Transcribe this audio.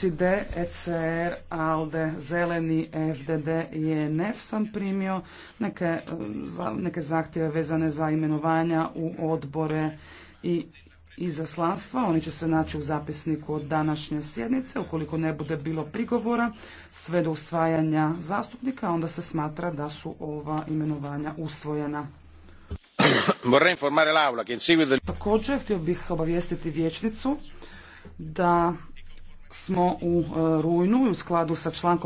SID, ECR, ALDE, Zeleni, e FDD i ENF sam primio neke, zahtjeve vezane za imenovanja u odbore i izaslanstva. Oni će se naći u zapisniku od današnje sjednice. Ukoliko ne bude bilo prigovora sve do usvajanja zastupnika, onda se smatra da su ova imenovanja usvojena. Također, htio bih obavijestiti vječnicu da smo u e, rujnu u skladu sa člankom